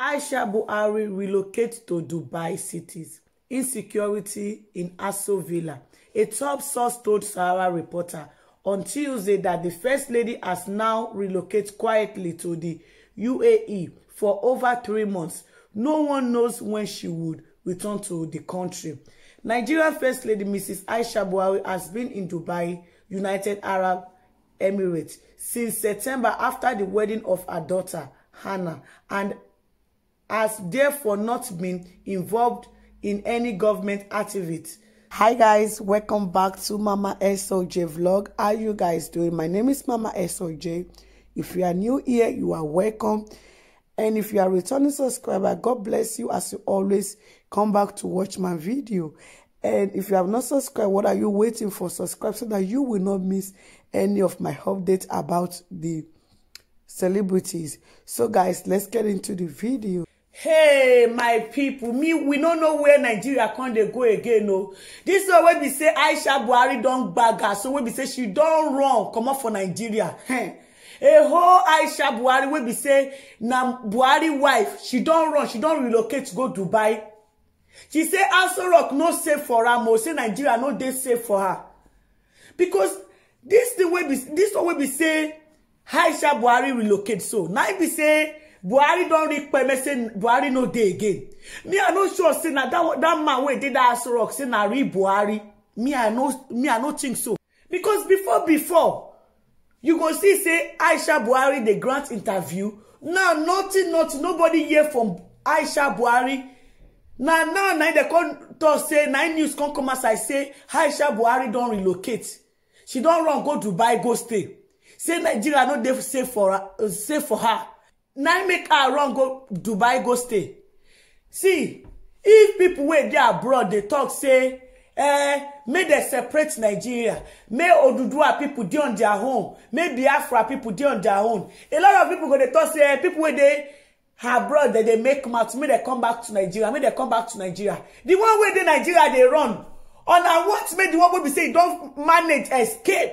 Aisha Buhari relocate to Dubai cities. Insecurity in Aso Villa. A top source told Sahara reporter on Tuesday that the First Lady has now relocated quietly to the UAE for over three months. No one knows when she would return to the country. Nigeria First Lady Mrs. Aisha Buhari has been in Dubai, United Arab Emirates, since September after the wedding of her daughter, Hannah, and has therefore not been involved in any government activity. Hi guys, welcome back to Mama SOJ vlog. How you guys doing? My name is Mama SOJ. If you are new here, you are welcome. And if you are returning subscriber, God bless you as you always come back to watch my video. And if you have not subscribed, what are you waiting for? Subscribe so that you will not miss any of my updates about the celebrities. So guys, let's get into the video hey my people, me we no know where nigeria con dey go again o oh. This one wey be say aisha buhari don gbaga so wey be say she don run comot for nigeria a whole aisha buhari wey be say na buhari wife she don run she don relocate go dubai she say Aso Rock no safe for am o say nigeria no dey safe for her because this dis one wey be say aisha buhari relocate so na be say buhari don't read me say buhari no day again me i no sure say na that man wey did that rock say na real buhari me i no me no think so because before before you go see say aisha buhari the grant interview now nothing nothing nobody hear from aisha buhari now now now they come talk say na news come come as i say aisha buhari don't relocate she don't run go dubai go stay say nigeria no safe dey safe for her na make her run go dubai go stay see if people wey dey abroad dey talk say eh make dem separate nigeria make oduduwa people dey on their own make biafra people dey on their own a lot of people go dey tok say eh, "People wey dey abroad dem dey make mouth make dem come back to nigeria make dem come back to nigeria The one wey dey nigeria dey run on her what make the one wey be say e don manage escape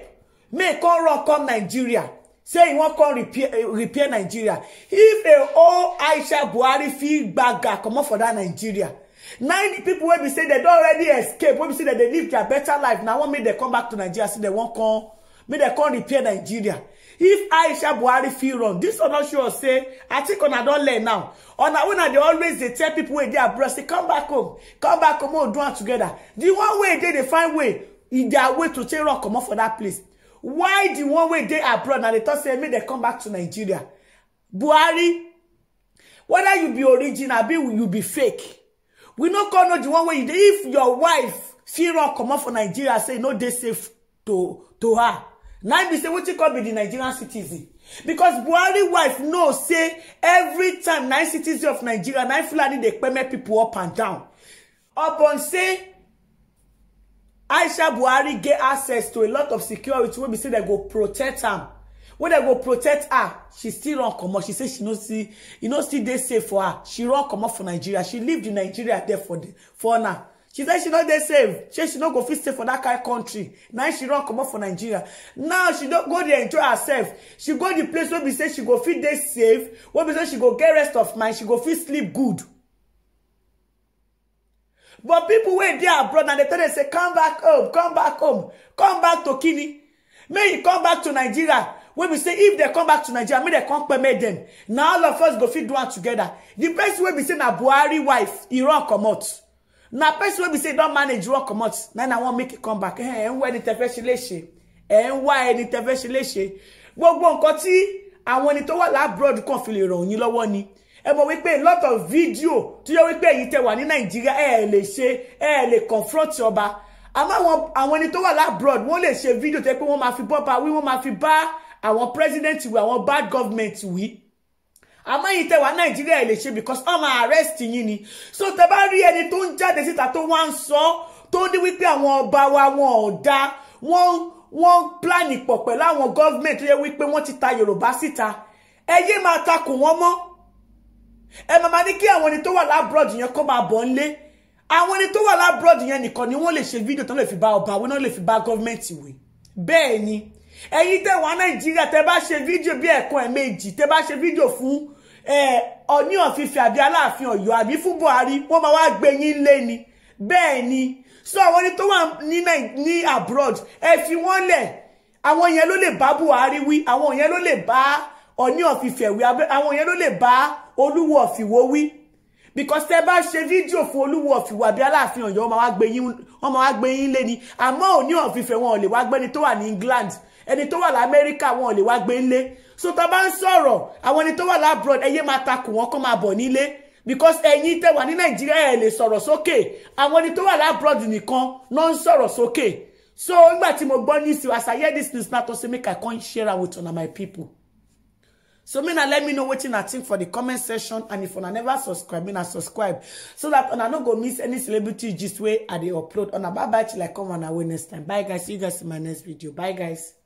make come run come nigeria say he wan come repair eh, repair nigeria if a old aisha buhari feel fit come on for that nigeria nine people will be say they don already escape Will be say that they live their better life Now one make they come back to nigeria say they won't come make they come repair nigeria if aisha buhari feel wrong, this one not sure say i think una don't learn now On wey na they always they tell people where they are. say come back home come back home o do it together. The one way they they find way in e their way to take Come comot for that place why the one way dey abroad na they talk say make dem come back to nigeria buhari whether you be original be you be fake we no call know the one way. you dey if your wife fit run comot for nigeria say no dey safe to to her na be say wetin call be the nigerian citizen because buhari wife know say every time nine citizen of nigeria na fulani dey permit people up and down upon say aisha buhari get access to a lot of security wey be say dem go protect am wey dem go protect her she still run comot she say she no see e no still dey safe for her she run comot for nigeria she leave di nigeria there for for now she say she no dey safe say she no go fit stay for dat kain country na she run comot for nigeria now she don go there enjoy herself she go the place wey be say she go fit dey safe wey be say she go get rest of mind she go fit sleep good but pipo wey dey abroad and they tell dem say come back home come back home come back to kini make you come back to nigeria When we say if they come back to nigeria make dem come permit dem Now all of us go fit do together. The di person we say na buhari wife e run comot na person wey be say don't manage run comot na na wan make it come back ẹ why the ẹni tẹfẹ why the ẹ ń go ẹni tẹfẹ ṣe eh, léṣe gbogbo nǹkan tí àwọn ẹni tó wà lábúròdù you fi lè ràn ẹ mọ̀ wípé a lot of video tó yẹ wípé èyí tẹ wà ní nàìjíríà ẹ lè ṣe ẹ lè confront ọba àmọ́ àwọn ẹni tó wà lábroad wọ́n lè ṣe fídíò tẹ́ pé wọ́n máa fi bọ́ba wí wọ́n máa fi bá àwọn president wí àwọn bad government wí àmọ́ yìí tẹ́ wà nàìjíríà lè ṣe because wọ́n máa arrest yín ni so tẹ́ bá rí ẹni tó ń jáde síta tó wá ń sọ tó ní wípé àwọn ọba wa wọn ò da wọ́n wọ́n plan pọ̀ pẹ̀lú àwọn government tó yẹ wípé wọ́n ti ta yorùbá síta ẹ yé máa takò wọ́n mọ́ ẹ màmá ní kí àwọn ẹni tó wà lábúrọ̀dì yẹn kó máa bọ̀ ńlé àwọn ẹni tó wà lábúrọ̀dì yẹn nìkan ni wọ́n lè ṣe fídíò tán lè fi bá ọba àwọn náà lè fi bá gọ́ọ̀mẹ̀ntì wé bẹ́ẹ̀ ni ẹ̀yin tẹ̀ wá nàìjíríà tẹ́ bá ṣe fídíò bí ẹ̀kan ẹ̀ méjì tẹ́ bá ṣe fídíò fún ọ̀ní ọ̀fìfì àbí aláàfin ọ̀yọ́ àbí fún buhari wọ́n máa wá gbé yín lé ni bẹ́ẹ̀ ni so àwọn ẹni tó wà ní abroad ẹ fi wọ́n lẹ̀ àwọn yẹn ló lè bá buhari wí àwọn yẹn ló lè bá Ọ̀ní of Ifẹ̀ wí àwọn yẹn ló lè bá Olúwo of Ìwó wí because tẹ́ bá ṣe video fún Olúwo of Ìwó àbí Aláàfin Ọ̀yọ́ wọ́n máa wá gbé yín wọ́n máa wá gbé ni àmọ́ Ọ̀ní of Ifẹ̀ wọn ò lè wá gbẹ́ni tó wà England ẹni tó wà l'Amẹ́ríkà wọn ò lè wá gbé nílé so tó bá ń sọ̀rọ̀ àwọn ẹni tó abroad l'abroad ẹyẹ máa takò wọn kó máa bọ̀ nílé because ẹ̀yin tẹ́ wà ní Nàìjíríà e le sọ̀rọ̀ soke àwọn ẹni tó wà l'abroad nìkan ló ń sọ̀rọ̀ soke so nígbà tí mo gbọ́ ní sí as I hear this news na to say make I come share am with una my people so me na let me know what you na think for the comment section and if you na never subscribe me na subscribe so that you na no go miss any celebrity gist way i dey upload una bye bye till i come on away next time bye guys see you guys in my next video bye guys